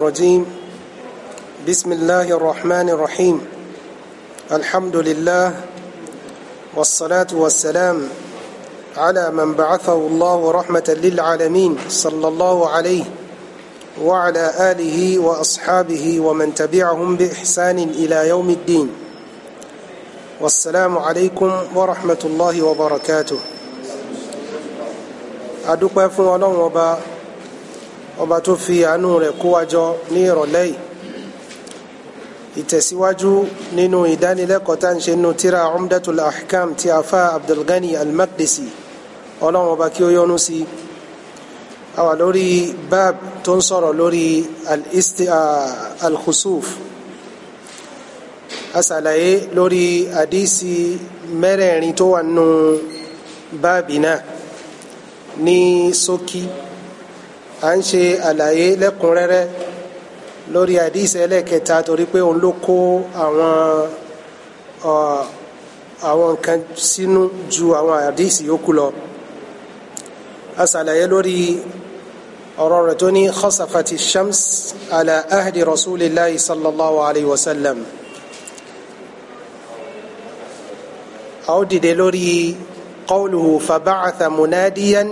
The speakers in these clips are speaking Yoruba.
الرجيم بسم الله الرحمن الرحيم الحمد لله والصلاة والسلام على من بعثه الله رحمة للعالمين صلى الله عليه وعلى آله وأصحابه ومن تبعهم بإحسان إلى يوم الدين والسلام عليكم ورحمة الله وبركاته أدوك فون الله وبركاته ọba tó fi àánú rẹ̀ kó wa jọ ní ìrọ̀lẹ́ yìí ìtẹ̀síwájú nínú ìdánilẹ́kọ̀ọ́ tá à ń ṣe nínú tíra umdatul ahkam ti afa abdulgani almakdisi ọlọ́run ọba kí ó yọ́nú sí àwa lórí bab tó ń sọ̀rọ̀ lórí alkhusuf asàlàyé lórí àdísì mẹ́rẹ̀ẹ̀rin tó wà nínú báàbì náà ní ṣókí. So à ń ṣe àlàyé lẹ́kùnrẹ́rẹ́ lórí àdìsẹ ẹlẹ́kẹta torí pé òun ló kó àwọn àwọn nǹkan sínú ju àwọn àdìsí yòókù lọ a ṣàlàyé lórí ọ̀rọ̀ rẹ̀ tó ní khasafati shams ala ahdi rasulillahi sallallahu alayhi wa sallam a ó dìde lórí qawluhu fabacatha munadiyan.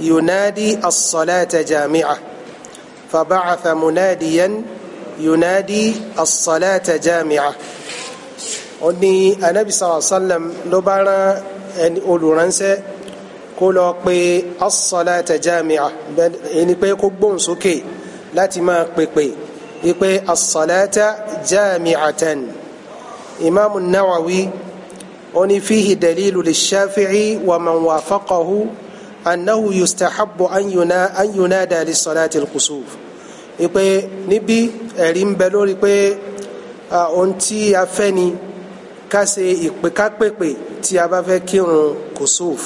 ينادي الصلاة جامعة فبعث مناديا ينادي الصلاة جامعة ó ní anabi sàlá sàlám ló bá rán ẹni olùránṣẹ́ kó lọ pé as-salata jami'a ẹni pé kó gbóhùn sókè láti máa pèpè wípé as-salata jami'atan imaamu nawawi ó ní fihi dalilu lishafi'i wa man wafaqahu annahu yustahabbu an yuna an yunada li salati al-kusuf ipe níbí ẹ̀rí ń bẹ lórí pé ohun tí a fẹ́ ni ká ṣe ìpè ká pèpè tí a bá fẹ́ kírun kusuf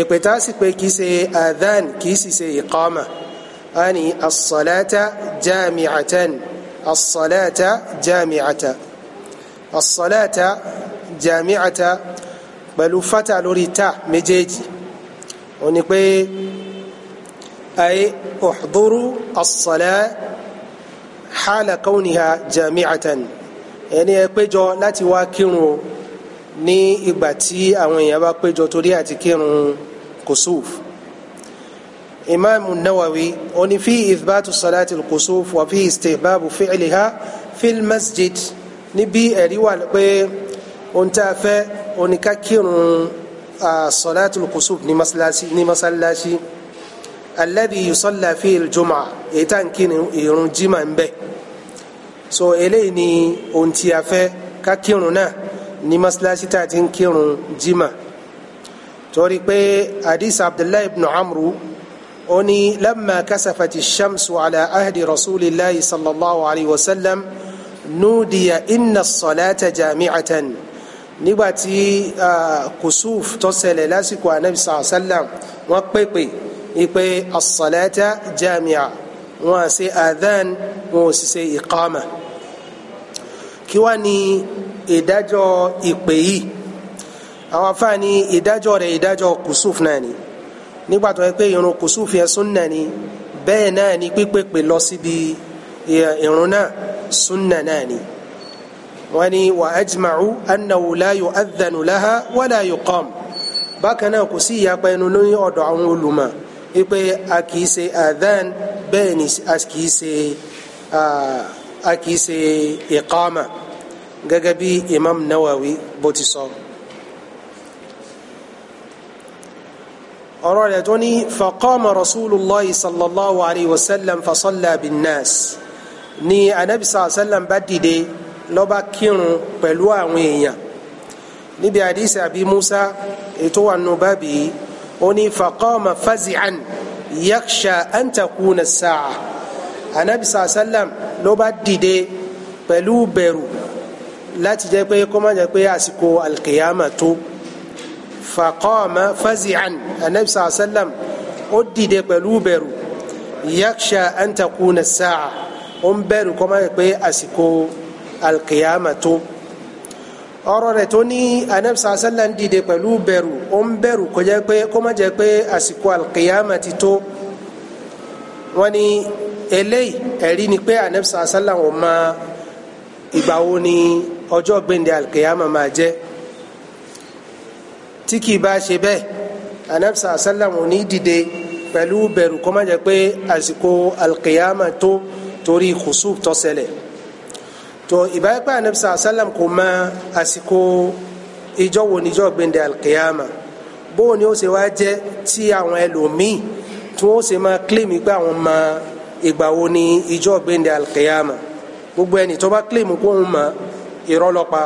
ìpè tá a sì pé kì í ṣe ani as jami'atan as jami'ata as jami'ata pẹ̀lú fata lórí ta méjèèjì ó ní pé ayé uhduru as-salah hala kauniha jami'atan ẹni ẹ péjọ láti wá kírun o ní ìgbà tí àwọn èèyàn bá péjọ torí àti kírun kusuf imaamu nawawi ó ní fi ithbatu salati al-kusuf wa fi istihbabu fi'liha fil masjid níbi ẹ̀rí wà pé ohun tá a fẹ́ oníkà kírun salatul kusuf ní masalasi ní masalasi alladhi yusalla fi al-jum'a èyí tá irun jimá ń bẹ so eléyìí ni ohun tí a fẹ́ ká kírun náà ní masalasi tá a ti ń kírun jimá torí pé hadith abdullahi ibn amru ó ní lamma kasafati shamsu ala ahdi rasulillahi sallallahu alayhi wa nudiya inna as jami'atan nígbàtí kusuf tó ṣẹlẹ̀ lásìkò anabi sàlám wọ́n pèpè ipe asalata jamia wọ́n ṣe adhan wọ́n sì ṣe iqama kí wá ní ìdájọ́ ìpè yìí àwọn afáàní ìdájọ́ rẹ̀ ìdájọ́ kusuf náà ni nígbà tó yẹ pé irun kusuf yẹn sunna ni bẹ́ẹ̀ náà ni pípèpè irun náà sunna náà wọ́n ní wà ajma'u annahu la yu'adhanu laha wala yuqam bákan náà kò sí ìyapa ẹnu ní ọ̀dọ̀ àwọn olùmọ̀ wípé a kì í ṣe adhan bẹ́ẹ̀ ni a kì í ṣe a kì ṣe iqama gẹ́gẹ́ bí imam nawawi bó ti sọ. ọ̀rọ̀ rẹ̀ tó ní faqama rasulillah sallallahu alayhi wa sallam fasalla bin nas ni anabi sallallahu alayhi wa sallam bá dìde lọ́ba kírun pẹ̀lú àwọn èèyàn níbi àdìsí àbí Musa ètò wà nù bábí ó ní faqama fazi'an yaksha an takuna as-sa'a anabi sàlám lọ́ba dìde pẹ̀lú bẹ̀rù láti jẹ́ pé kó má jẹ́ pé àsìkò alkiyama tó faqama fazi'an anabi sàlám ó dìde pẹ̀lú bẹ̀rù yaksha an takuna saa ó ń bẹ̀rù kó má pé àsìkò alkiyama tó alkiyama tó ọ̀rọ̀ rẹ̀ tó ní anabisa asalan dìde pẹ̀lú bẹ̀rù ó ń bẹ̀rù kó jẹ́ pé kó má jẹ́ pé àsìkò alkiyama ti tó wọ́n ní eléyìí ẹ̀rí ni pé anabisa asalan ò mọ ìgbà wo ni ọjọ́ gbẹ̀ndẹ̀ alkiyama máa jẹ́ tí kì í bá ṣe bẹ́ẹ̀ anabisa asalan ò ní dìde pẹ̀lú bẹ̀rù kó má jẹ́ pé àsìkò alkiyama tó torí kùsùf tó ṣẹlẹ̀ tó ìbáyẹ̀pẹ́ anabi sàlám kò mọ àsìkò ìjọ wo níjọ́ gbẹ̀ndẹ̀ alkiyama bó ni ó ṣe wá jẹ́ tí àwọn ẹlòmíì tí wọ́n ṣe máa kílèmù pé àwọn mọ ìgbà wo ni ìjọ gbẹ̀ndẹ̀ alkiyama gbogbo ẹni tó bá kílèmù kó ń mọ irọ́ ló pa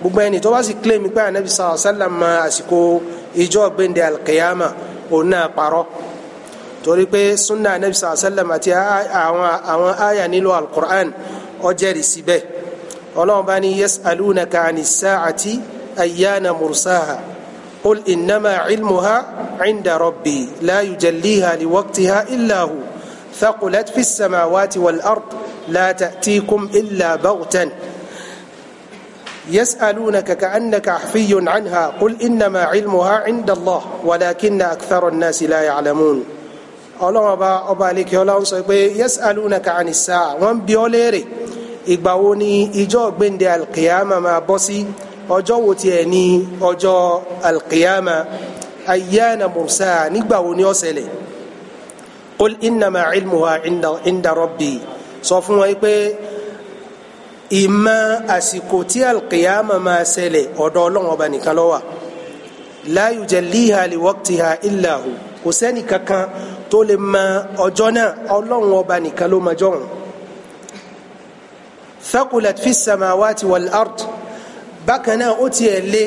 gbogbo ẹni tó bá sì kílèmù pé anabi sàlám mọ àsìkò ìjọ gbẹ̀ndẹ̀ alkiyama òun náà parọ́ torí pé sunna anabi sàlám àti àwọn àyà nílò alukur'an. ọjẹ́rì síbẹ̀ ọlọ́run bá ní yas'alunaka anis sa'ati ayyana mursaha qul innama ilmuha inda rabbi la yujalliha liwaqtiha illa hu thaqulat fis samawati wal ard la ta'tikum illa baghtan يسألونك كأنك حفي عنها قل إنما علمها عند الله ولكن أكثر الناس لا يعلمون ọlọ́run ọba ọba àlekè ọlá ń sọ pé yas'alunaka anis saa wọ́n ń bi ọ́ léèrè ìgbà wo ni ìjọ gbẹ̀ndẹ̀ alqiyama máa bọ́ sí ọjọ́ wo tiẹ̀ ní ọjọ́ alqiyama ayyana mursa nígbà wo ni ó ṣẹlẹ̀ qul innama ilmuha inda inda rabbi sọ fún wọn pé ìmọ̀ àsìkò tí alqiyama máa ṣẹlẹ̀ ọ̀dọ̀ ọlọ́run ọba nìkan ló wà la yujalliha liwaqtiha illa hu kò sẹ́ni kankan tó lè mọ ọjọ́ náà ọlọ́run ọba nìkan ló mọjọ́ òun thaqulat fi samawati wal ard bákan náà ó tiẹ̀ lé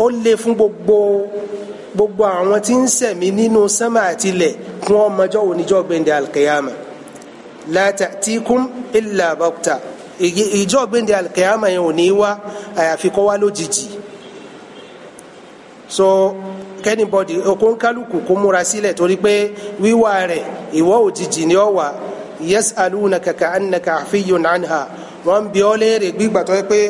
ó lé fún gbogbo gbogbo àwọn tí ń sẹ̀mí nínú sánmà àtilẹ̀ fún ọmọjọ́ oníjọ́ gbẹ̀ndẹ̀ alkiyama la ta'tikum illa bakta ìjọ́ gbẹ̀ndẹ̀ alkiyama yẹn ò ní wá àyàfi kó wá lójijì so kẹ́nìbọ̀dì okòókálùkù kó múra sílẹ̀ torí pé wíwá rẹ̀ ìwọ òjijì ni ọ wà yas'alunaka ka'annaka afiyyun anha wọ́n bi ọ́ léèrè gbígbà tó yẹ pé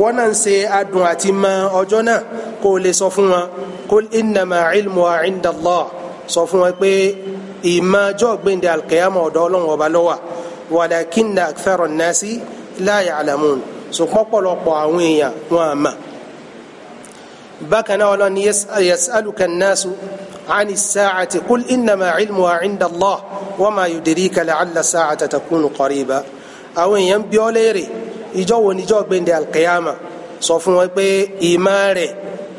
wọ́n náà ń ṣe adùn àti mọ ọjọ́ náà kó o lè sọ fún wọn kul innama ilmuha inda Allah sọ fún wọn pé ìmọ̀ ọjọ́ gbẹ̀ndẹ̀ alqiyama ọ̀dọ̀ ọlọ́run ọba ló wà walakinna akthara an-nasi la ya'lamun sùpọ̀pọ̀lọpọ̀ àwọn èèyàn wọn àmà. So, bákan náà ọlọ́ni yasaluka naasu ani saacati kul inama cilmuha cinda allah wama yudirika lacala saacata takunu qariba àwọn èèyàn bí ọ léèrè ìjọ wo níjọ gbẹndẹ alqiyama sọ fún wọn pé ìmọ̀ rẹ̀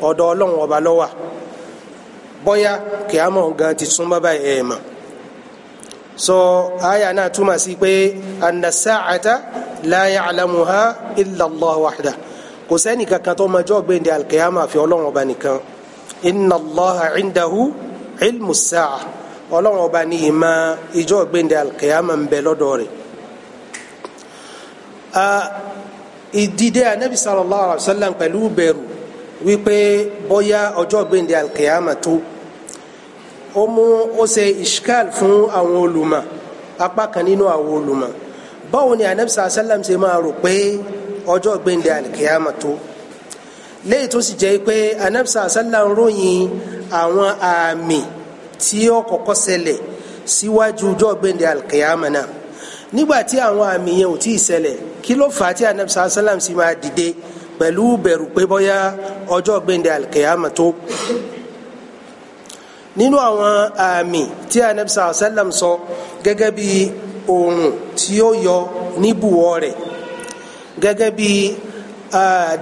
ọ̀dọ̀ ọba ló wà kìámọ gan ti súnmọ́ báyìí ẹ mọ̀ so aya náà túmọ̀ sí pé anna saacata la yaclamuha illa allah waxda kò sẹ́ni kankan tó mọjọ́ gbẹ̀ndẹ̀ alikiyama àfi ọlọ́run ọba nìkan inna allaha indahu ilmu sa'a ọlọ́run ọba ní ìmọ̀ ìjọ gbẹ̀ndẹ̀ alikiyama ń bẹ lọ́dọ̀ rẹ̀. ìdìde anabi sallallahu alayhi wa sallam pẹ̀lú bẹ̀rù wípé bóyá ọjọ́ gbẹ̀ndẹ̀ alikiyama tó ó mú ó ṣe ishkal fún àwọn olùmọ̀ apá kan nínú àwọn olùmọ̀ báwo ni anabi sallallahu alayhi wa sallam ṣe máa rò pé ọjọ́ gbẹ̀ndẹ̀ alikiyama tó léyìí tó sì jẹ́ pé anabisa asala ń ròyìn àwọn àmì tí ó kọ́kọ́ ṣẹlẹ̀ síwájú ọjọ́ gbẹ̀ndẹ̀ alikiyama náà nígbà tí àwọn àmì yẹn ò tí ì ṣẹlẹ̀ kí ló fà á tí anabisa asala sì máa dìde pẹ̀lú bẹ̀rù pé bọ́yá ọjọ́ gbẹ̀ndẹ̀ alikiyama tó nínú àwọn àmì tí anabisa asala sọ gẹ́gẹ́ bí oòrùn tí ó yọ níbùwọ̀ rẹ̀ gẹ́gẹ́ bí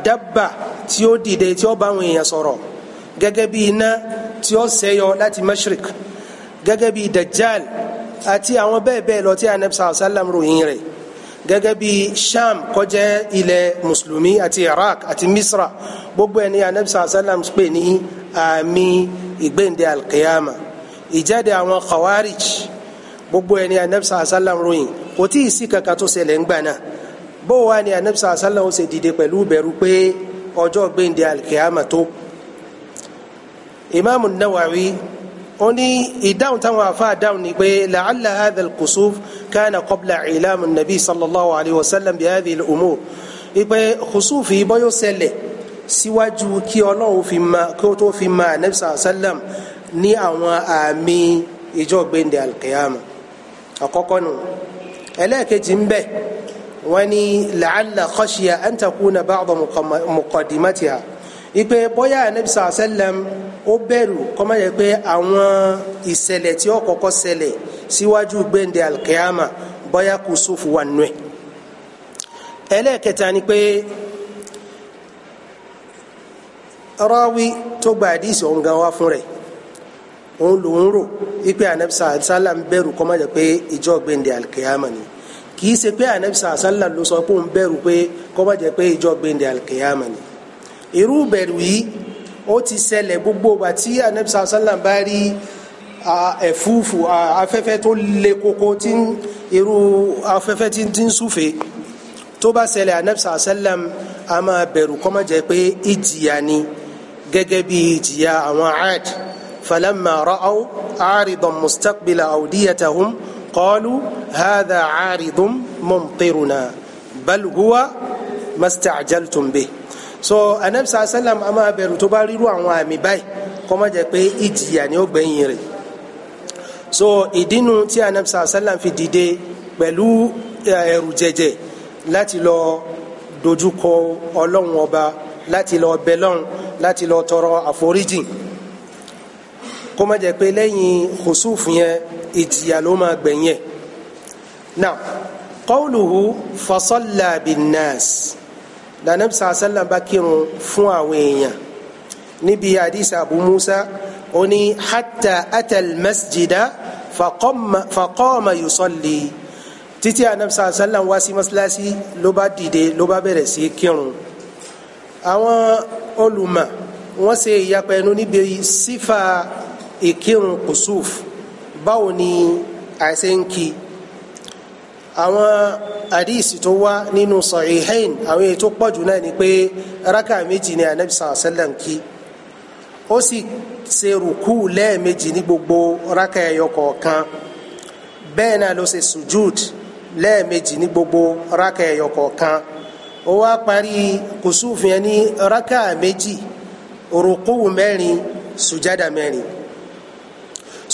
dábà tí ó dìde tí ó bá àwọn èèyàn sọ̀rọ̀ gẹ́gẹ́ bí iná tí ó ṣẹ́yọ láti mashrik gẹ́gẹ́ bí dajjal àti àwọn bẹ́ẹ̀ bẹ́ẹ̀ lọ tí anabi sàlá sàlám ròyìn rẹ̀ gẹ́gẹ́ bí sham kó jẹ́ mùsùlùmí àti iraq àti misra gbogbo ẹni anabi sàlá sàlám pè ní àmì ìgbéǹde alqiyama ìjáde àwọn khawarij gbogbo ẹni anabi sàlá sàlám ròyìn kò tí ì sí kankan tó ṣẹlẹ̀ ńgbà náà bó wá ni anabi sàlá sàlám ṣe dìde pẹ̀lú bẹ̀rù pé ọjọ́ gbẹ̀ndẹ̀ alikiyama tó imaamu nawawi ó ní ìdáhùn táwọn afa dáhùn ni pé la'alla hadha al-kusuf kana qabla ilamu nabi sallallahu alayhi wa sallam bi hadhihi al-umur ipe kusufi bọ́yọ̀ ṣẹlẹ̀ síwájú kí ọlọ́run fi ma kí ó tó fi ma anabi sàlá ní àwọn àmì ìjọ gbẹ̀ndẹ̀ alikiyama àkọ́kọ́ nù ẹlẹ́ẹ̀kejì ń bẹ wọ́n ní la'alla khashiya an takuna ba'da muqaddimatiha ipe bóyá anabi sàlẹm ó bẹ̀rù kọ́má yẹ pé àwọn ìṣẹ̀lẹ̀ tí ó kọ́kọ́ ṣẹlẹ̀ síwájú gbẹ̀ndẹ̀ alkiyama bóyá kusufu wà nù ẹ̀ ẹlẹ́ẹ̀kẹta ni pé rawi tó gba àdìsí ọ̀hún gan wá fún rẹ̀ òun lòún rò ipe anabi sàlẹm bẹ̀rù kọ́má pé ìjọ gbẹ̀ndẹ̀ alkiyama ni kì í ṣe pé anabi sàásàlà ló sọ pé òun bẹ̀rù pé kọ́ba jẹ́ pé ìjọ gbẹ̀ndẹ̀ alkiyama ni irú bẹ̀rù yìí ó ti ṣẹlẹ̀ gbogbo ìgbà tí anabi sàásàlà bá rí ẹ̀fúùfù afẹ́fẹ́ tó le koko tí irú afẹ́fẹ́ tí ń súfèé tó bá ṣẹlẹ̀ anabisa asalam a máa bẹ̀rù kó jẹ́ pé ìjìyà ni gẹ́gẹ́ bí ìjìyà àwọn aad falamma ra'aw aridan mustaqbila awdiyatahum قالوا هذا عارض ممطرنا بل هو ما استعجلتم به so anabi sa salam a máa bẹ̀rù tó bá ríru àwọn àmì báyìí kó má jẹ́ pé ìjìyà ni ó gbẹ̀yìn rẹ̀ so ìdínú tí anabi sa salam fi dìde pẹ̀lú ẹ̀rù jẹjẹ láti lọ dojúkọ ọlọ́run ọba láti lọ bẹlọ́n láti lọ tọrọ àforíjì kó má jẹ́ pé lẹ́yìn khusuf yẹn ìtìyà ló máa gbẹ̀yìn ẹ̀ now qawluhu fasalla binnas lànàbí sàásàlà bá kírun fún àwọn èèyàn níbi àdìsí Abu Musa ó ní hatta atal masjida faqama yusalli títí anabi sàlẹ̀ wá sí mọ́sálásí ló bá dìde ló bá bẹ̀rẹ̀ sí kírun àwọn olùmọ̀ wọ́n ṣe ìyapẹ̀nu níbi sífà ìkírun kùsùfù báwo ni àṣẹ ń kí àwọn àdìsí tó wá nínú sahihain àwọn èyí tó pọ̀jù náà ni pé rákà méjì ni anabi sàn sẹ́lẹ̀ ń kí ó sì ṣe rùkú lẹ́ẹ̀mejì ní gbogbo rákà ẹyọ kọ̀ọ̀kan bẹ́ẹ̀ náà ló ṣe sujud lẹ́ẹ̀mejì ní gbogbo rákà ẹyọ kọ̀ọ̀kan ó wá parí kùsùfù ní rákà méjì rùkú mẹ́rin sùjádà mẹ́rin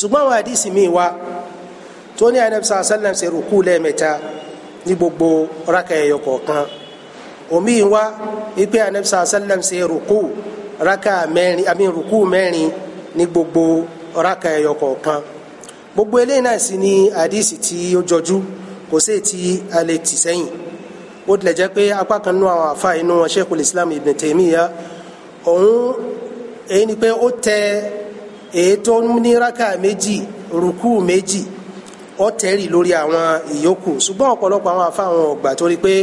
ṣùgbọ́n àwọn àdìsí mi wa tó ní àyìnbí sàn sálẹ̀ ṣe rúkú lẹ́ẹ̀mẹ́ta ní gbogbo rákà ẹ̀yọ kọ̀ọ̀kan omi wá wípé àyìnbí sàn sálẹ̀ ṣe rúkú rákà mẹ́rin àmì rúkú mẹ́rin ní gbogbo rákà ẹ̀yọ kọ̀ọ̀kan gbogbo eléyìí náà sì ni àdìsí tí ó jọjú kò sí ti alẹ́ tì sẹ́yìn ó tilẹ̀ jẹ́ pé apá kan nínú àwọn àfa inú wọn Sheikhul Islam Ibn Taymiyyah òun èyí ni pé ó tẹ èyí tó ní rákà méjì rùkú méjì ó tẹ̀rí lórí àwọn ìyókù ṣùgbọ́n ọ̀pọ̀lọpọ̀ àwọn afáwọn ọ̀gbà torí pé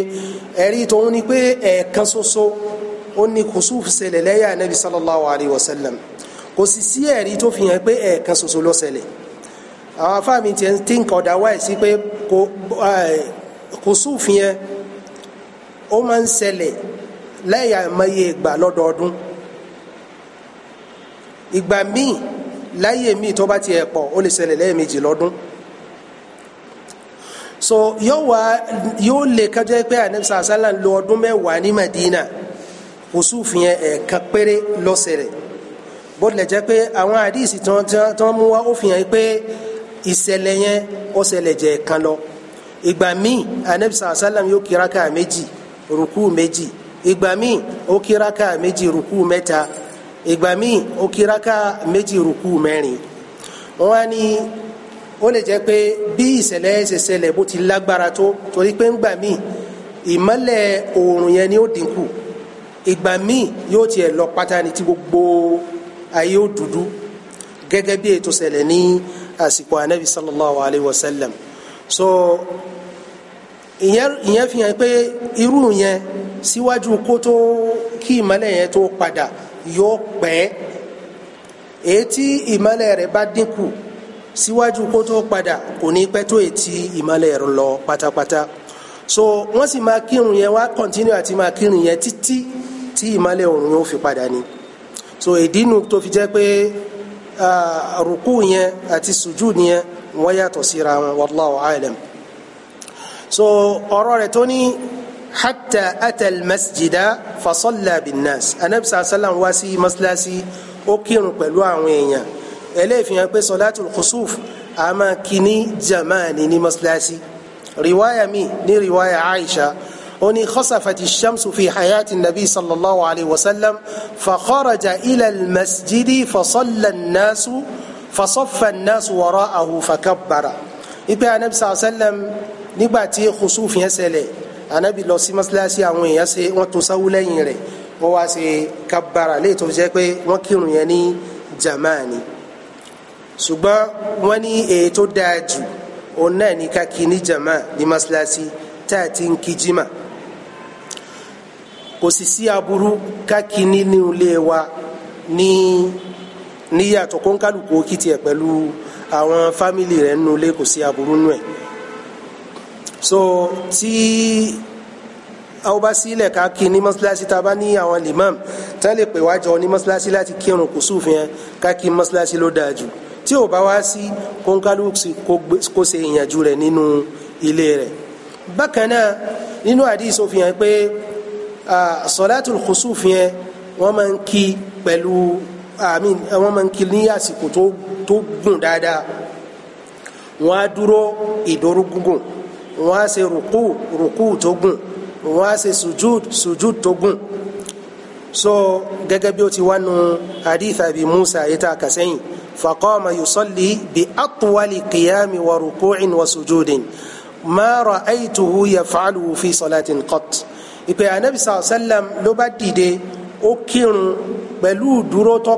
ẹ̀rí tòun ni pé ẹ̀ẹ̀kan ṣoṣo ó ní kùsùfù ṣẹlẹ̀ lẹ́yà Ànábì sallallahu alayhi wa sallam kò sì sí ẹ̀rí tó fi hàn pé ẹ̀ẹ̀kan ṣoṣo ló ṣẹlẹ̀ àwọn afáàmì tiẹ̀ ń think otherwise sí pé eh, kùsùfù yẹn ó máa ń ṣẹlẹ̀ lẹ́yà mẹ́yẹ ìgbà lọ́dọọdún ìgbà míì láyé míì tó bá tiẹ̀ pọ̀ ó lè ṣẹlẹ̀ lẹ́ẹ̀mejì lọ́dún so yóò wá yóò lè kájọ́ pé anabi sàlá lo ọdún mẹ́wàá ní Madina kùsùfù yẹn ẹ̀ẹ̀kan péré lọ́sẹ̀ rẹ̀ bó tilẹ̀ jẹ́ pé àwọn àdìsí tí wọ́n mú wá ó fi hàn pé ìṣẹ̀lẹ̀ yẹn ó ṣẹlẹ̀ jẹ́ kan lọ ìgbà míì anabi sàlá yóò kíra káà méjì rúkú méjì ìgbà míì ó kíra káà méjì rúkú mẹ́ta ìgbà míì ó kiraka méjì ruku mẹ́rin wọn á ní ó lè jẹ́ pé bí ìṣẹ̀lẹ̀ ṣe ṣẹlẹ̀ bó ti lágbára tó torí pé ńgbà míì ìmọ́lẹ̀ oòrùn yẹn ni ó dínkù ìgbà míì yóò tiẹ̀ lọ pátá ní ti gbogbo ayé ó dúdú gẹ́gẹ́ bí ètò ṣẹlẹ̀ ní àsìkò anabi sallallahu alayhi wa sallam so ìyẹn fi hàn pé irú yẹn síwájú kó tó kí ìmọ́lẹ̀ yẹn tó padà yóò pẹ́ èyí tí ìmọ́lẹ̀ rẹ̀ bá dínkù síwájú kó tó padà kò ní pẹ́ tó ètí ìmọ́lẹ̀ rẹ̀ lọ pátápátá so wọ́n sì máa kírun yẹn wá kọ́ntínú àti máa kírun yẹn títí tí ìmọ́lẹ̀ òòrùn yóò fi padà ni so ìdínú tó fi jẹ́ pé rùkú yẹn àti sùjúdù yẹn wọ́n yàtọ̀ síra wọn wallahu alam so ọ̀rọ̀ rẹ̀ tó ní حتى أتى المسجد فصلى بالناس النبي صلى الله عليه وسلم واسي مسلاسي أكين بلوان إليه في صلاة الخسوف أما كني ني مسلاسي رواية مي ني رواية عائشة أني خصفت الشمس في حياة النبي صلى الله عليه وسلم فخرج إلى المسجد فصلى الناس فصف الناس وراءه فكبر إبي النبي صلى الله عليه وسلم نباتي خسوف يسلي anabi lọ sí mọ́sálásí àwọn èèyàn ṣe wọ́n tún sáwú lẹ́yìn rẹ̀ wọ́n wá ṣe kábàrà léyìí tó fi jẹ́ pé wọ́n kírun yẹn ní jamaani ṣùgbọ́n wọ́n ní èyí tó dáa jù òun náà ní ká kí ní jama ní mọ́sálásí tá a ti ń kí kò sì sí aburú ká nínú ilé wa ní níyàtọ̀ kó ń kálukú kí pẹ̀lú àwọn fámìlì rẹ̀ nínú ilé kò sí aburú nù ẹ̀ so tí àwọn bá sílẹ̀ ká kí ní mọ́sálásí tá a bá ní àwọn limam tá a lè pè wájọ ní mọ́sálásí láti kírun kùsùf yẹn ká kí mọ́sálásí ló dáa jù tí ò bá wá sí kónkálùkù kó ṣe ìyànjú rẹ̀ nínú ilé rẹ̀ bákan náà nínú àdìsí ó fi hàn pé sọláàtúl kùsùf yẹn wọ́n máa ń kí pẹ̀lú àmì wọ́n máa ń kí ní àsìkò tó gùn dáadáa wọ́n á ṣe rùkú rùkú tó gùn wọ́n á ṣe sujud sujud tó gùn so gẹ́gẹ́ bí ó ti wá nu hadith abi musa yìí tá a kà sẹ́yìn faqama yusalli bi atwali qiyami wa ruku'in wa sujudin ma ra'aytuhu yaf'alu fi salatin qat ìpè anabi sàlám ló bá dìde ó kírun pẹ̀lú dúró tó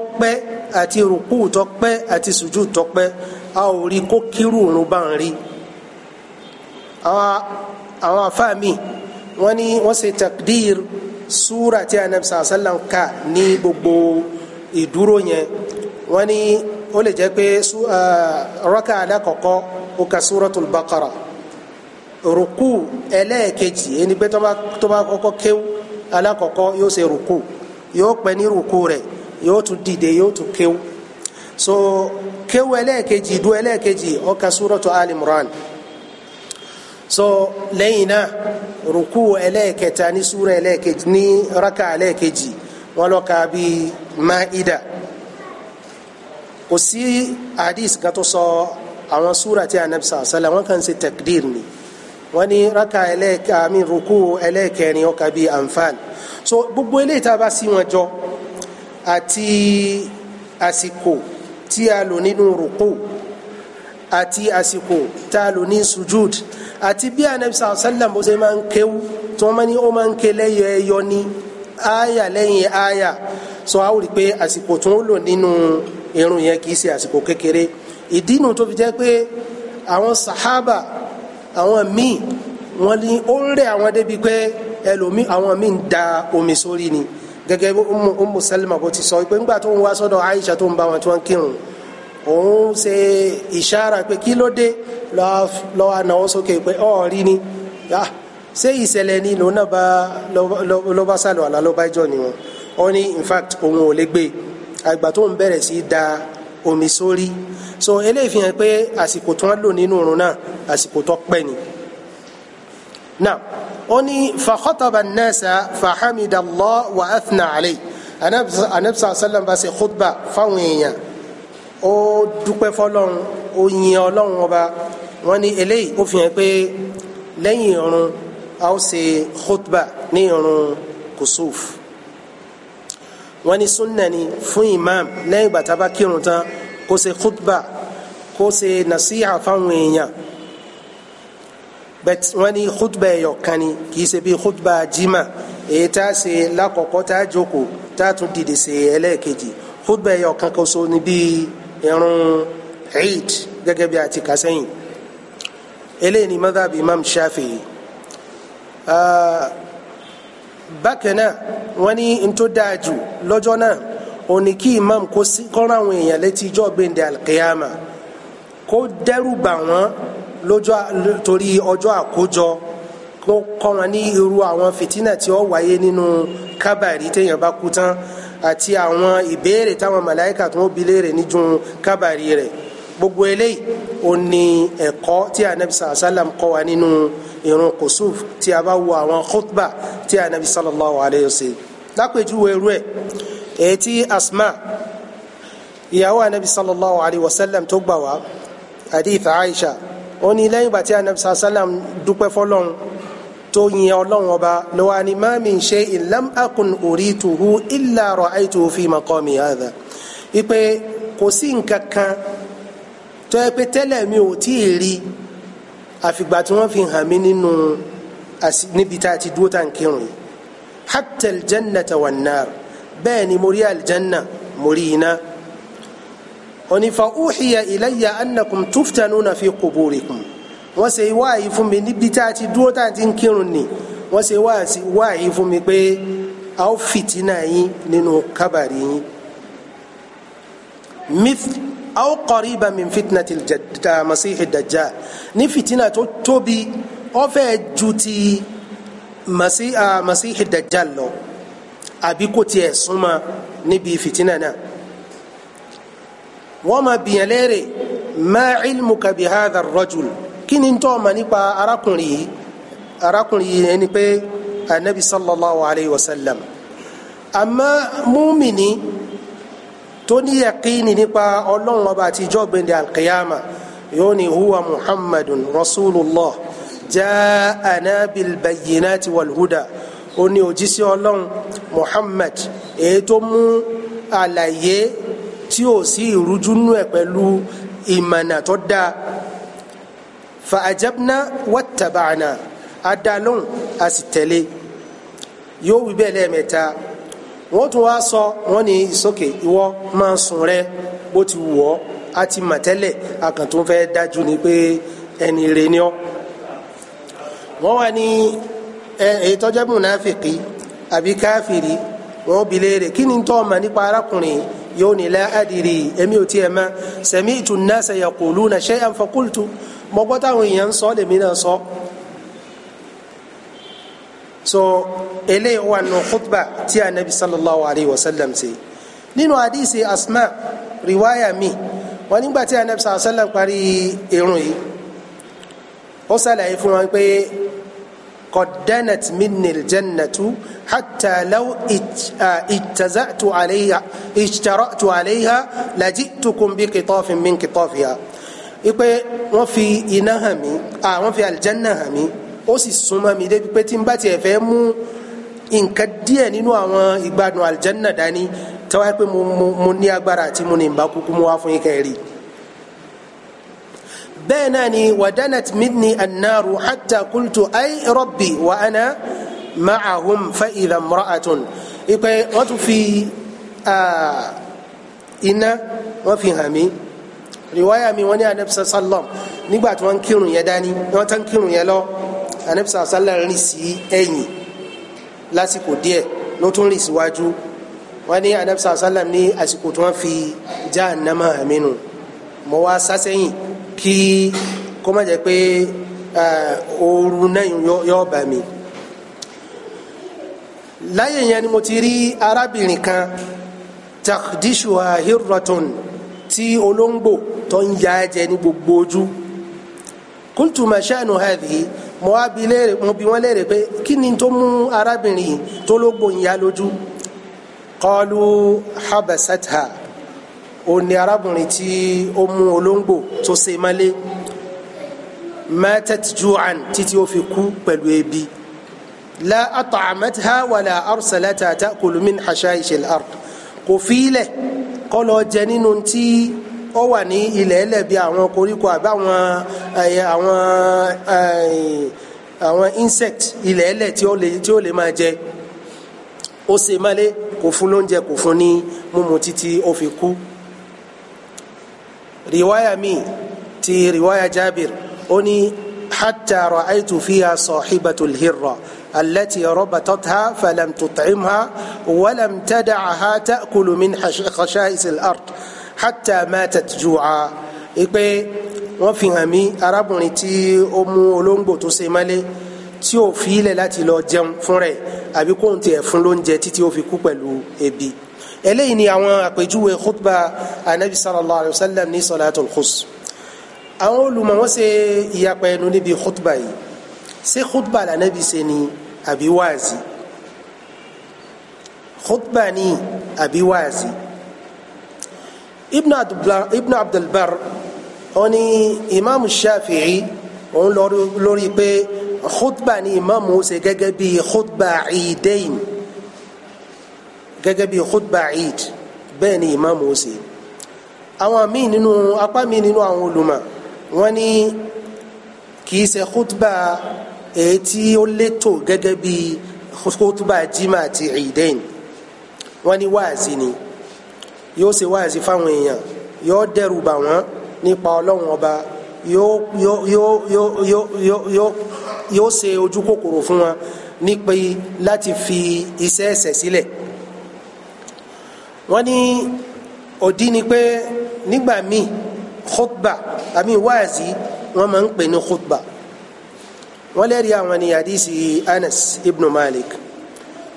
àti rùkú tó àti sujud tó a ò rí kó kírun bá ń rí àwọn àwọn afáàmì wọ́n ní wọ́n ṣe takdir súra tí anabi sàlá ká ní gbogbo ìdúró yẹn wọ́n ní ó lè jẹ́ pé rọ́kà alákọ̀ọ́kọ́ ó ka súratul baqara rùkú ẹlẹ́ẹ̀kejì ẹni pé tó bá kọ́kọ́ kéwú alákọ̀ọ́kọ́ yóò ṣe rùkú yóò pẹ́ ní rùkú rẹ̀ yóò tún dìde yóò tún kéwú so kéwú ẹlẹ́ẹ̀kejì ìdú ẹlẹ́ẹ̀kejì ó ka súratu alimran so lẹ́yìn náà ruku ẹlẹ́ẹ̀kẹta ní súra ẹlẹ́ẹ̀kejì ní raka ẹlẹ́ẹ̀kejì wọn lọ ka bíi maida kò sí hadith kan tó sọ àwọn súra tí anabi sàlẹ̀ wọn kàn ń ṣe takdir ni wọn ní raka ẹlẹ́ẹ̀kẹ àmì ruku ẹlẹ́ẹ̀kẹrin ọkà bíi anfal so gbogbo eléyìí tá a bá sí wọn jọ àti àsìkò tí a lò nínú ruku àti àsìkò tá a lò ní sujud àti bí anabi sàlọ sàlám bó ṣe máa ń kéwú tí wọn máa ní ó máa ń ké lẹ́yọ ẹyọ ní àyà lẹ́yìn àyà sọ àwọn rí i pé àsìkò tó ń lò nínú irun yẹn kì í ṣe àsìkò kékeré ìdí nu tó fi jẹ́ pé àwọn sàhábà àwọn míì wọn ní ó ń rẹ àwọn débi pé ẹlòmíì àwọn míì ń da omi sórí ni gẹ́gẹ́ bí Ummu Salma bó ti sọ pé ńgbà tó ń wá sọ́dọ̀ Aisha tó ń bá wọn tí wọn kírun òun ṣe ìṣára pé kí ló dé lọ́wọ́ ànáwó sókè pé ọ̀ rí ni ah, ṣé ìṣẹ̀lẹ̀ ni lòun náà bá lọ́ bá sálọ àlá ló bá jọ nìwọ̀n ó ní in òun ò lè gbé àgbà tó ń bẹ̀rẹ̀ sí da omi sórí so eléyìí fi hàn pé àsìkò tó ń lò nínú irun náà àsìkò tó pẹ́ ni. now ó ní fakhataba nasa fahamidallah wa athna alayhi anabisa asalam bá ṣe khutba fáwọn èèyàn ó dúpẹ́ fọlọ́run ó yin ọlọ́run ọba wọ́n ní eléyìí ó fi hàn pé lẹ́yìn irun a ó ṣe khutba ní irun kusuf wọ́n ní sunna ni fún imam lẹ́yìn bàtà bá kírun tán kó ṣe khutba kó ṣe nasiha fáwọn èèyàn bẹ́ẹ̀ wọ́n ní khutba ẹ̀yọ̀ kan ni kì í ṣe bí khutba jima èyí tá a ṣe lákọ̀ọ́kọ́ tá a jókòó tá a tún dìde ṣe ẹlẹ́ẹ̀kejì khutba ẹ̀yọ̀ kan kò so ni bíi irun eid gẹ́gẹ́ bí àti kásẹ́yìn eléyìí ni madhab imam shafi'i ah, bákan náà wọ́n ní n dáa jù lọ́jọ́ náà òun kí imam kó rán àwọn èèyàn létí ijó gbẹ̀ndẹ̀ alqiyama kó dẹ́rù bà wọ́n lọ́jọ́ torí ọjọ́ àkójọ kó kọ́ wọn ní irú àwọn fìtínà tí ó wáyé nínú kábàárì téèyàn bá kú tán àti àwọn ìbéèrè táwọn màláìka tó ń bi léèrè níjú kábàárì rẹ̀ gbogbo eléyìí ó ní ẹ̀kọ́ tí anabi sallam kọ́ wa nínú irun kusuf tí a bá wo àwọn khutba tí anabi sallallahu alayhi wa sallam lápèjúwe rú ẹ̀ èyí tí asma ìyàwó anabi sallallahu alayhi wa sallam tó gbà wá hadith aisha ó ní lẹ́yìn ìgbà tí anabi sallam dúpẹ́ fọ́lọ́run tó yin ọlọ́run ọba ló wá ní ma min shay'in lam akun urituhu illa ra'aytuhu fi maqami hadha ipe kò sí nǹkan kan tó yẹ pé tẹ́lẹ̀ mi ò tí ì rí àfìgbà tí wọ́n fi hàn mí nínú níbi tá a ti dúró tá n kírun yìí hatta aljannata wan bẹ́ẹ̀ ni mo rí aljanna mo rí iná onífa uhiya ilayya annakum tuftanuna fi quburikum wọ́n ṣe wáàyí fún mi níbi tá a ti dúró tá a ti ń kírun ni wọ́n ṣe wáàyí fún mi pé a ó fìtínà yín nínú kábàrí yín mith a ó qariba min fitnati masihi dajjal ní fìtínà tó tóbi ó ju ti masihi dajjal lọ àbí kò tiẹ̀ súnmọ́ níbi fìtínà náà wọ́n máa bìyàn léèrè ma ilmuka bi hadha ar kí ni tó ọmọ nípa arákùnrin yìí arákùnrin yìí ẹni pé anabi sallallahu alayhi wa sallam àmọ́ múmìnì tó ní yaqini nípa ọlọ́run ọba àtijọ́ gbẹ̀ndẹ̀ alqiyama yóò ní huwa muhammadun rasulullah jaa'ana bil bayyinati wal huda ó ní òjíṣẹ́ muhammad èyí tó mú àlàyé tí ò sí ìrújú nú ẹ̀ pẹ̀lú fa ajabna wattaba'na adalóhùn a sì tẹ̀lé yóò wí bẹ́ẹ̀ lẹ́ẹ̀mẹ́ta wọ́n tún wá sọ wọ́n ní sókè ìwọ máa sùn rẹ bó ti wù ọ́ a ti mà tẹ́lẹ̀ a kàn tún fẹ́ dájú ni pé ẹni rẹ ni ọ́ wọ́n wà ní ìtọ́jẹ́ múnáfìkì àbí káfìrí wọ́n bi léèrè kí ni tọ́ ọmọ nípa arákùnrin yóò ní la adìrí ò tiẹ̀ mọ̀ sami'tu an-nasa yaquluna shay'an faqultu mo gbọ́ táwọn èèyàn ń sọ lèmi náà sọ so eléyìí wà nù khutba tí anabi sallallahu alayhi wa sallam ṣe nínú hadisi asma riwaya mi wọn nígbà tí anabi sallallahu alayhi wa sallam parí irun yìí ó ṣàlàyé fún wọn pé qaddanat minni aljannatu hatta law ijtaza'tu alayha ijtara'tu alayha laji'tukum bi qitafin min qitafiha ipe wọ́n fi iná hàn mí à wọ́n fi àlìjánná hàn mí ó sì súnmọ́ mi débi pé tí n bá tiẹ̀ fẹ́ mú nǹkan díẹ̀ nínú àwọn ìgbádùn àlìjánná dání tẹ́wọ́ pé mo mo mo ní agbára àti mo ní ìbá kúkú mo wá fún yín kẹ́rì. bẹ́ẹ̀ náà ni wadanat midni annaru hatta kultu ay rabbi wa ana ma'ahum fa idha imra'atun ipe wọ́n tún fi iná wọ́n fi hàn mí riwaya mi wọ́n ní anabisa sallam nígbà tí wọ́n ń kírun yẹn dání wọ́n tán kírun yẹn lọ anabisa sallam rìn sí ẹ̀yìn lásìkò díẹ̀ ló tún rìn síwájú wọ́n ní anabisa sallam ní àsìkò tí wọ́n fi jahannama àmínú mọ wá sásẹ̀yìn kí kó má jẹ́ pé ooru náà yọ bà mí láyé yẹn ni mo ti rí arábìnrin kan takdishuha hirratun tí olóńgbò tó ń ya ẹ̀jẹ̀ ní gbogbo ojú kúntù màṣánu hàdí mo wá bi léèrè mo bi wọn léèrè pé kí ni tó mú arábìnrin tó lógbò ń ya lójú kọlu habasatha ó ní arábìnrin tí ó mú olóńgbò tó ṣe mọ́lé matat ju'an títí ó fi kú pẹ̀lú ebi la at'amatha wala arsalata ta'kulu min hashaishil ard kò fi ilẹ̀ kọ́ lọ jẹ nínú tí ó wà ní ilẹ̀ ẹlẹ̀ bí àwọn koríko àbí àwọn àwọn àwọn insect ilẹ̀ ẹlẹ̀ tí ó lè tí ó lè máa jẹ ó ṣe mọ́lé kò fún lóúnjẹ kò fún ní mímu títí ó fi kú. riwaya mi ti riwaya Jabir ó ní hatta ra'aytu fiha sahibatul hirra. التي ربطتها فلم تطعمها ولم تدعها تأكل من خشائس الأرض حتى ماتت جوعا ipe wọn fi hàn mí arábìnrin tí ó mú olóńgbò tó ṣe mọ́lé tí ò fi ilẹ̀ láti lọ jẹun fún rẹ̀ àbí kó n tiẹ̀ fún lóúnjẹ títí ó fi kú pẹ̀lú ebi eléyìí ni àwọn àpèjúwe khutba anabi sallallahu alayhi wa sallam ní salatul khus àwọn olùmọ̀ wọ́n ṣe ìyapa ẹnu níbi khutba yìí ṣé khutba lànàbí ṣe ni àbí wáàzì khutba ni àbí wáàzì ibn abdulbar wọ́n ní imam shafi'i òun lórí pé khutba ni imam ó ṣe gẹ́gẹ́ bí khutba idain gẹ́gẹ́ bí khutba eid bẹ́ẹ̀ ni imam ó àwọn míì nínú apá míì nínú àwọn ulama wọ́n ní kì í ṣe khutba èyí tí ó létò gẹ́gẹ́ bí kótóbà jimá àti ìdẹ́yìn wọ́n ní wáàzì ni yóò ṣe wáàzì fáwọn èèyàn yóò dẹ́rù bà wọ́n nípa ọlọ́run ọba yóò yóò yóò yóò yóò yóò ṣe ojú kòkòrò fún wọn nípa láti fi iṣẹ́ ẹ̀ṣẹ̀ sílẹ̀ wọ́n ní òdí ni pé nígbà míì khutba àmì wáàzì wọ́n máa ń pè ní khutba wọ́n lẹ́rìí àwọn ní hadisi Anas ibn Malik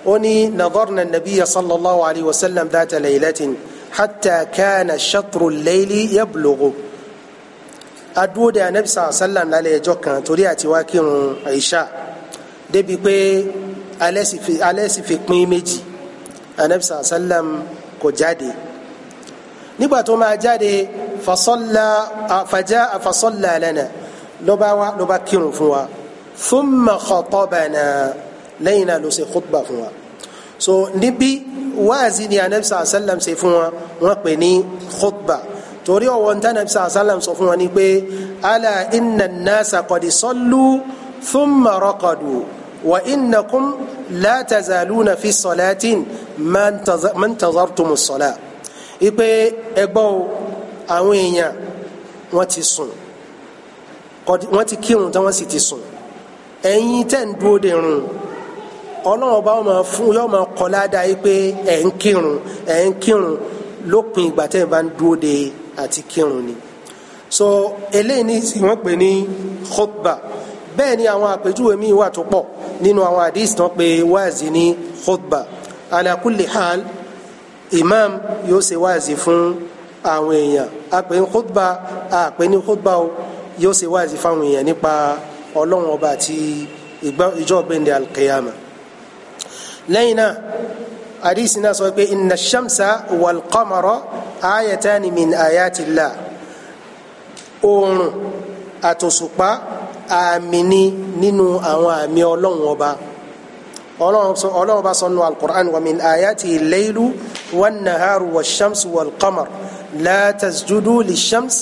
ó ní nadarna nabiya sallallahu alayhi wa sallam dhata laylatin hatta kana shatru layli yablughu adúró de anabi sallallahu alayhi wa sallam lálẹ́ ẹjọ́ kan torí àti wá kírun Aisha débi pé alẹ́ sì fi pín méjì anabi sallallahu alayhi wa sallam kò jáde nígbà tó máa jáde fasalla faja fasalla lana ló bá wá kírun fún wa thumma khatabana lẹ́yìn náà ló ṣe khutba fún wa so níbi wáàzí ni anabi sàlá sàlám ṣe fún wa wọ́n pè ní khutba torí ọwọ́ ní anabi sàlá sàlám sọ fún wa ni pé ala inna nasa qad sallu thumma raqadu wa innakum la tazaluna fi salatin man tazartumu ipe ẹgbọ́ àwọn èèyàn wọ́n ti sùn wọ́n ti kírun tí wọ́n sì ti sùn ẹ̀yin tẹ́ ń dúró de run ọlọ́run bá wọn máa fún yọ máa kọ́ ládàá yìí pé ẹ̀ ń kírun ẹ̀ ń kírun lópin ìgbà tẹ́ ẹ̀ bá ń dúró de àti kírun ni so eléyìí ni wọ́n pè ní khutba bẹ́ẹ̀ ni àwọn àpèjúwe míì wà tó pọ̀ nínú àwọn hadith tán pé wáàzì ní khutba ala kulli hal imam yóò ṣe wáàzì fún àwọn èèyàn àpè ní khutba àpè ní khutba yóò ṣe wáàzì fáwọn èèyàn nípa ọlọ́run ọba àti ìjọ gbẹ̀ndẹ̀ alqiyama lẹ́yìn náà àdìsí náà sọ pé inna shamsa wal qamara ayatani min ayatillah oòrùn àtòṣùpá àmì ni nínú àwọn àmì ọlọ́run ọba ọlọ́run ọba sọ nù alqur'an wa min ayati laylu wan naharu wash shamsu wal qamar la tasjudu lish shams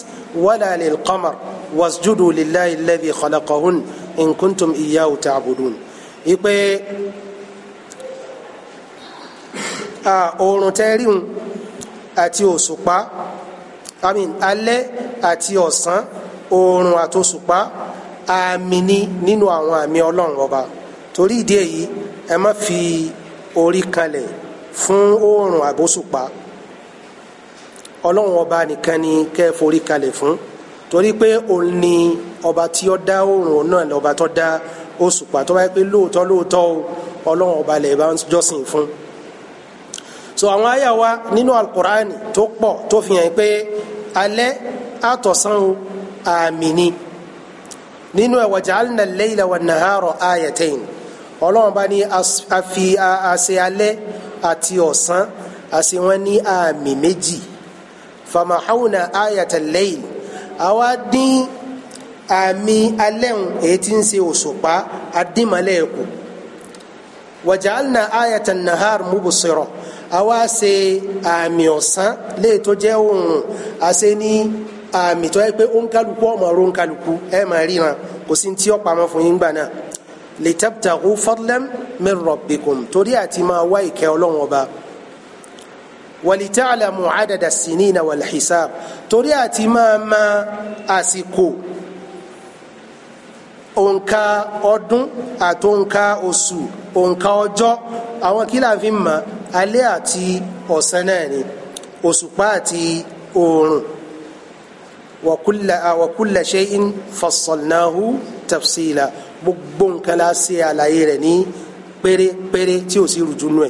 wasjudu lillahi alladhi khalaqahun in kuntum iyyahu ta'budun ipe a oorun tẹríhun àti òṣùpá i mean alẹ́ àti ọ̀sán oorun àti òṣùpá àmì ni nínú àwọn àmì Ọlọ́run ọba torí ìdí èyí ẹ má fi orí kanlẹ̀ fún oorun àbòṣùpá Ọlọ́run ọba nìkan ni kẹ́ forí kanlẹ̀ fún torí pé òun ni ọba tí ó dá oòrùn náà lọ́ba tó dá òṣùpá tó bá yẹ pé lóòótọ́ lóòótọ́ o ọlọ́run ọba lè bá ń jọ́sìn fún so àwọn àyà wa nínú alukur'ani tó pọ̀ tó fi hàn pé alẹ́ àtọ̀sán àmì ni nínú ẹ̀ waja'alna al-layla wan-nahara ayatayn ọlọ́run bá ní àfi àṣẹ alẹ́ àti ọ̀sán àṣẹ wọn ní àmì méjì famahawna ayatal-layl àwa dín àmì alẹ́hùn èyí tí ń ṣe òṣùpá adímọ̀lẹ́ kù wàjálnà ayẹ̀tẹ̀ nahar mubusirọ̀ àwa ṣe àmì ọ̀sán léè tó jẹ́ òòrùn àṣẹ ní àmì tó yẹ pé ó ń kálukú ọmọ ọ̀rọ̀ ń kálukú ẹ̀ máa ríran kò sí tí ó pamọ́ fún yín gbà náà litabtagu fadlan min rabbikum torí àti máa wá ìkẹ́ ọlọ́run ọba walita'lamu adada sinina wal hisab torí àti máa ma àsìkò òǹkà ọdún àti òǹkà oṣù òǹkà ọjọ́ àwọn kí la fi mọ̀ alẹ́ àti ọ̀sán náà ni òṣùpá àti oòrùn wa kulla wa kulla shay'in fassalnahu tafsila gbogbo nǹkan la ṣe àlàyé rẹ̀ ní pérépéré tí ò sí rújú nù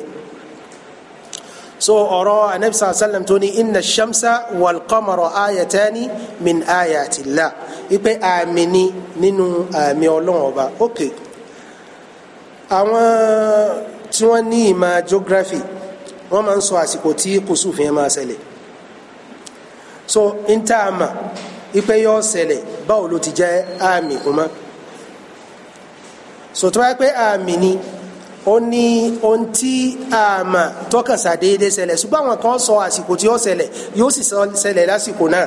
so ọ̀rọ̀ anabisa sallam tó ní inna shamsa wal qamara ayatani min ayatillah ipe àmì ni nínú àmì ọlọ́run ọba ok àwọn tí wọ́n ní ìmọ̀ geography wọ́n máa ń sọ àsìkò tí kùsùfù yẹn máa ṣẹlẹ̀ so ntaama ipe yóò ṣẹlẹ̀ báwo ló ti jẹ́ àmì kùmá so tó bá yẹ pé ni ó ní ohun tí a mà tọkàn sàdéédé ṣẹlẹ̀ ṣùgbọ́n àwọn kan sọ àsìkò tí ó ṣẹlẹ̀ yóò sì ṣẹlẹ̀ lásìkò náà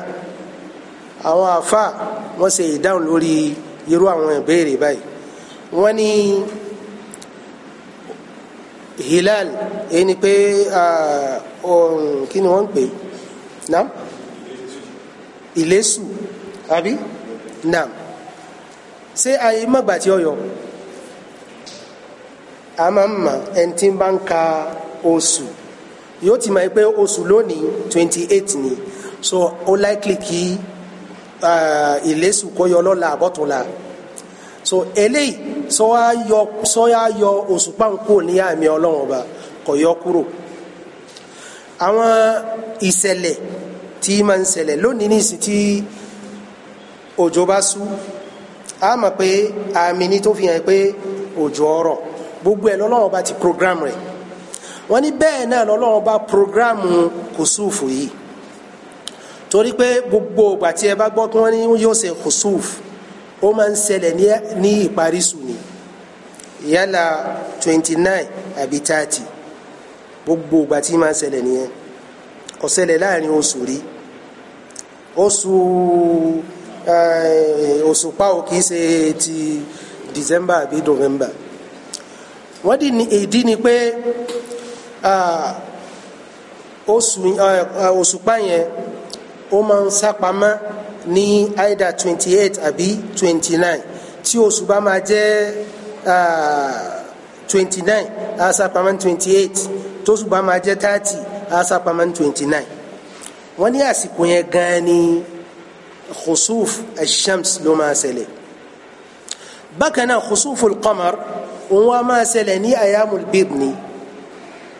àwọn àfa wọ́n ṣe ìdáhùn lórí irú àwọn ìbéèrè báyìí wọ́n ní hilal èyí ni pé kí ni wọ́n ń pè naam ìlésù àbí naam ṣé ayé mọ̀gbà tí ó yọ ama máa ń mọ ẹni tí ń bá ń ka oṣù yóò ti mọ̀ pé oṣù lónìí twenty eight ni so ó likely kí ah, ìlẹ́sù kó yọ lọ́la àbọ̀túnla so eléyìí sọ́yà yọ sọ́yà yọ oṣù páńkó ní àmì ọlọ́run ọba kò yọ kúrò àwọn ìṣẹ̀lẹ̀ tí máa ń ṣẹlẹ̀ lónìí nísìsiyìí tí òjò bá sú a pé àmì ni tó fi hàn pé òjò ọ̀rọ̀ gbogbo ẹ̀ lọ́lọ́wọ́ bá ti program rẹ̀ wọ́n ní bẹ́ẹ̀ náà lọ́lọ́wọ́ bá program kùsùfù yìí torí pé gbogbo ìgbà tí ẹ bá gbọ́ pé wọ́n ní yóò ṣe kùsùfù ó máa ń ṣẹlẹ̀ ní ìparí sùn yálà twenty nine àbí thirty gbogbo ìgbà tí máa ń ṣẹlẹ̀ nìyẹn kò ṣẹlẹ̀ láàrin oṣù rí oṣù òṣùpá eh, ò kì í ṣe ti December àbí November wọ́n dì ní èdí ni pé òṣùpá yẹn ó máa ń sápamọ́ ní àìdá twenty eight àbí twenty nine tí oṣù bá máa jẹ́ twenty nine á sápamọ́ twenty eight tóṣù bá máa jẹ́ thirty á twenty nine wọ́n ní àsìkò yẹn gan-an ni khusuf ash ló máa ṣẹlẹ̀ bákan náà khusuf al òun á máa ṣẹlẹ̀ ní ayamul bid ni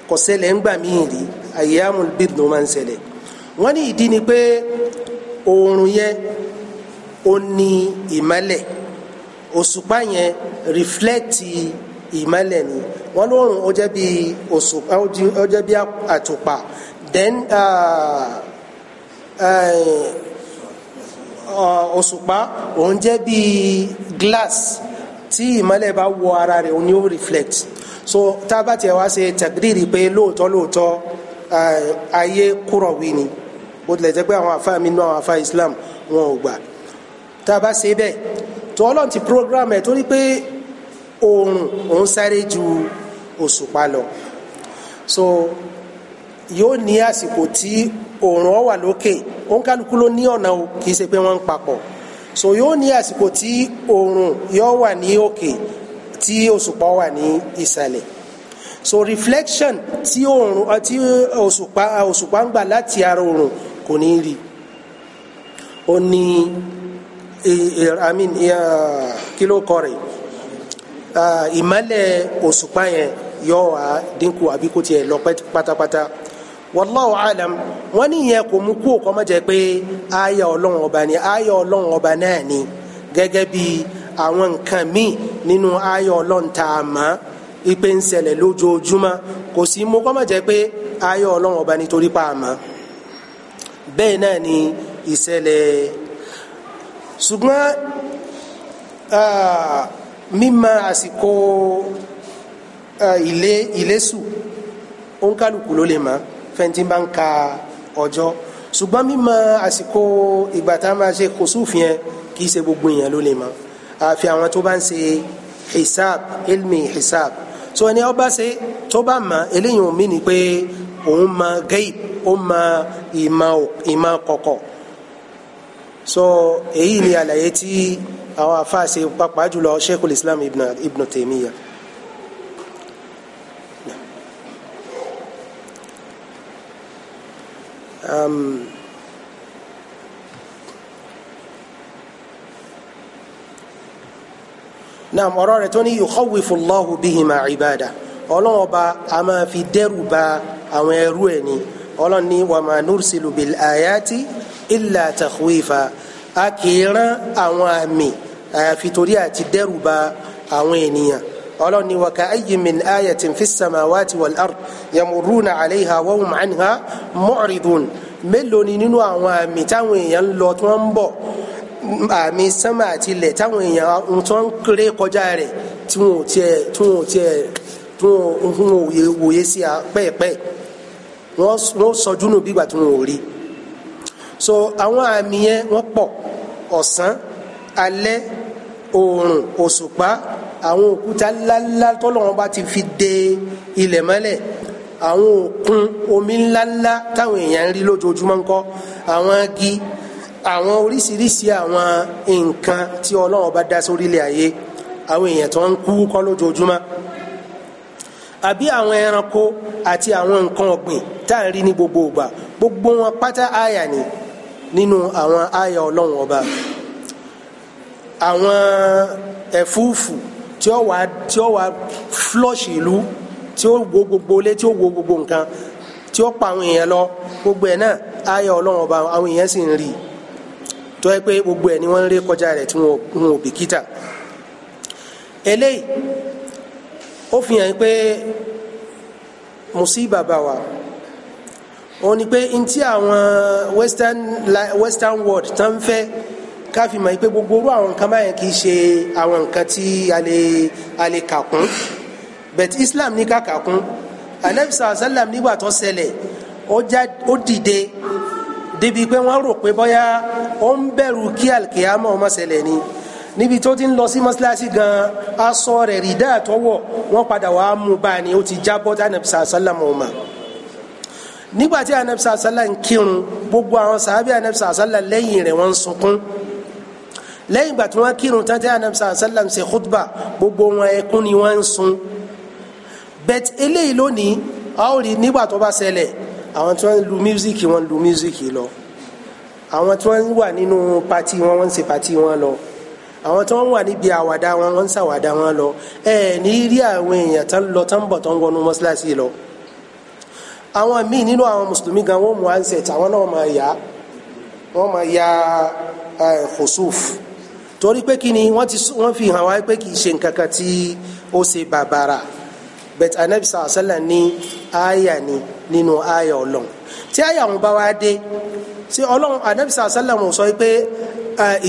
kò ṣẹlẹ̀ ńgbà míì rí ayamul bid ló máa ń ṣẹlẹ̀ wọ́n ní ìdí ni pé oòrùn yẹn ó ní ìmọ́lẹ̀ òṣùpá yẹn rìflẹ́tì ìmọ́lẹ̀ ni wọ́n lóòrùn ó jẹ́ bí òṣùpá ó jẹ́ bí àtùpà then ah, eh, òṣùpá òun jẹ́ bí glass tí ìmọ́lẹ̀ bá wọ ara rẹ̀ òun ó reflect so tá a bá tiẹ̀ wá ṣe tàgídìrì pé lóòótọ́ lóòótọ́ eh, ayé kúrọ̀ wí ni bó tilẹ̀ jẹ́ pé àwọn àfa mi nú àwọn àfa Islam wọn ò gbà tá a bá ṣe bẹ́ẹ̀ tó ọlọ́run ti program ẹ̀ torí pé oòrùn òun sáré ju òṣùpá lọ so yóò ní àsìkò tí oòrùn ó wà lókè òun kálukú ló ní ọ̀nà kì í ṣe pé wọ́n ń papọ̀ so yóò ní àsìkò tí oòrùn yóò wà ní òkè tí òṣùpá wà ní ìsàlẹ̀ so reflection tí oòrùn tí òṣùpá òṣùpá ń gbà láti ara oòrùn kò ní rí ó ní i mean uh, kí ló kọ rẹ̀ uh, ìmọ́lẹ̀ òṣùpá yẹn yóò wá dínkù àbí kò tiẹ̀ lọ pátápátá wallahu alam wọ́n ní ìyẹn kò mú kú òkọ mọ jẹ pé aya Ọlọ́run ọba ni aya Ọlọ́run ọba náà ni gẹ́gẹ́ bí àwọn nǹkan míì nínú aya Ọlọ́run tá a mọ̀ ipe ń ṣẹlẹ̀ lójoojúmọ́ kò sí mú kọ mọ jẹ pé aya Ọlọ́run ọba ni torí pa àmọ́ bẹ́ẹ̀ náà ni ìṣẹ̀lẹ̀ ṣùgbọ́n mímọ àsìkò ilé ilé sùn òǹkàlùkù ló lè mọ̀ fẹ́ntì bá ń ka ọjọ́ ṣùgbọ́n mímọ̀ àsìkò ìgbà tá a máa ṣe kùsùfù yẹn kì í ṣe gbogbo èèyàn ló lè mọ̀ àfi àwọn tó bá ń ṣe hisab ilmi hisab tó ẹni ọba ṣe tó bá mọ̀ eléyìí ò mí ni pé òun mọ̀ gaib ó mọ̀ ìmọ̀ kọ̀kọ̀ so èyí ni àlàyé tí àwọn afa ṣe pàápàá jùlọ Sheikhul Islam ibn Ibn Taymiyyah. um, náà ọ̀rọ̀ rẹ̀ tó ní yukhawifu Allahu bihima ibada ọlọ́run ọba a máa fi dẹ́rù ba àwọn ẹrú ẹ̀ ni ọlọ́run ní wa ma nursilu bil ayati illa takhwifa a kì í rán àwọn àmì àyàfi torí àti dẹ́rù ba àwọn ènìyàn ọlọ́run ní wa ka'ayyin min ayatin fis samawati wal ard yamurruna alayha wa hum anha mu'ridun mélòó ni nínú àwọn àmì táwọn èèyàn ń lọ tí wọ́n ń bọ̀ àmì sánmà àti ilẹ̀ táwọn èèyàn tó ń kéré kọjá rẹ̀ tí wọn ò tiẹ̀ tí wọn ò tiẹ̀ tí wọn ò wòye sí pẹ́ẹ́pẹ́ẹ́ wọ́n sọjú nù bí ìgbà tí wọn ò rí so àwọn àmì yẹn wọ́n pọ̀ ọ̀sán alẹ́ oòrùn òṣùpá àwọn òkúta ńláńlá tọ́lọ́run bá ti fi de ilẹ̀ mọ́lẹ̀ àwọn òkun omi ńláńlá táwọn èèyàn ń rí lójoojúmọ́ ńkọ́ àwọn agi àwọn oríṣiríṣi àwọn nǹkan tí ọlọ́run bá dá sórílẹ̀ ayé àwọn èèyàn tó ń kú kọ́ lójoojúmọ́ àbí àwọn ẹranko àti àwọn nǹkan ọ̀gbìn tá à ń rí ní gbogbo ìgbà gbogbo wọn pátá àyà ni nínú àwọn àyà ọlọ́run ọba àwọn ẹ̀fúùfù tí ó wà tí ó wà flọ́ọ̀ṣì ìlú tí ó wo gbogbo ilé tí ó wo gbogbo nǹkan tí ó pa àwọn èèyàn lọ gbogbo ẹ̀ náà ayé ọlọ́run ọba àwọn èèyàn sì ń rí i tó yẹ pé gbogbo ẹ̀ ni wọ́n ń ré kọjá rẹ̀ tí wọn ò bìkítà eléyìí ó fi hàn pé musiba bá wa òun ni pé ntí àwọn western western world tó ń fẹ́ ká fi mọ̀ pé gbogbo orú àwọn nǹkan báyẹn kì í ṣe àwọn nǹkan tí a lè a lè kà kún bẹ̀t islam ní kàkà kún anabi sàlá sàlám nígbà tó ṣẹlẹ̀ ó dìde débi pé wọ́n rò pé bóyá ó ń bẹ̀rù kí alikiyama ó má ni níbi tó ti ń lọ sí mọ́sálásí gan aṣọ rẹ̀ rí dáa tọ́wọ̀ wọ́n padà wàá mú bá a ní ó ti jábọ́ tá anabi sàlá sàlám ọ̀ma nígbàtí anabi sàlá ń kírun gbogbo àwọn sàábì anabi sàlá lẹ́yìn rẹ̀ wọ́n ń sunkún lẹ́yìn ìgbà tí wọ́n kírun tán tí anabi sàlá ń ṣe khutba gbogbo wọn ẹkún ni wọ́n ń sun bẹ́t eléyìí lónìí a ó rí nígbà tó bá ṣẹlẹ̀ àwọn tí wọ́n lu music wọ́n ń lu music lọ àwọn tí wọ́n wà nínú pati wọn wọ́n ń ṣe pati wọn lọ àwọn tí wọ́n wà níbi àwàdà wọn wọ́n ń ṣàwàdà wọn lọ ẹ ní rí àwọn èèyàn tán lọ tán bọ̀ tán wọnú mọ́ṣáláṣí lọ àwọn míì nínú àwọn mùsùlùmí gan wọ́n mú ansẹt àwọn náà máa yá wọ́n máa ya khusuf torí pé kí ni wọ́n fi hàn wá pé kì í ṣe nǹkan kan tí ó ṣe bàbàrà bẹ́ẹ̀ anabi sàlá sàlá ní àyà ni nínú àyà ọlọ́run tí àyà wọn bá wá dé ṣé ọlọ́run anabi sàlá sàlá wọn sọ pé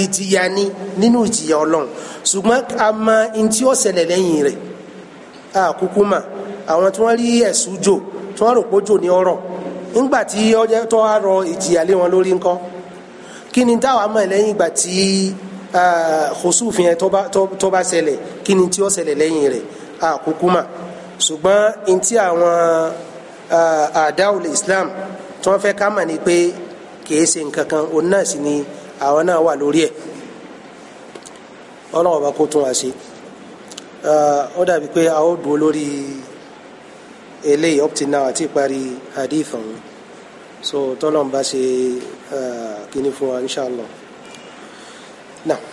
ìjìyà ni nínú ìjìyà ọlọ́run ṣùgbọ́n a mọ ntí ó ṣẹlẹ̀ lẹ́yìn rẹ̀ àkúkú mà àwọn tí wọ́n rí ẹ̀sùn jò tí wọ́n rò pójò ní ọ̀rọ̀ ńgbà tí ọjọ́ tó wá rọ ìjìyà lé wọn lórí ńkọ́ kí ni táwa mọ̀ lẹ́yìn ìgbà tí kòsùfin yẹn tó bá ṣẹlẹ̀ kí ni tí ó ṣẹlẹ̀ lẹ́yìn rẹ̀ àkúkú mà ṣùgbọ́n n tí àwọn àdáwòlè Islam tí wọ́n fẹ́ ká mọ̀ ni pé kìí ṣe nǹkan kan òun náà sì ni àwọn náà wà lórí ẹ̀ ọlọ́run ọba kó tún wá ṣe ó dàbí pé a ó dúró lórí eléyìí up till now àti ìparí hadith ọ̀hún so tọ́lọ́run bá ṣe kíní fún wa inshallah náà.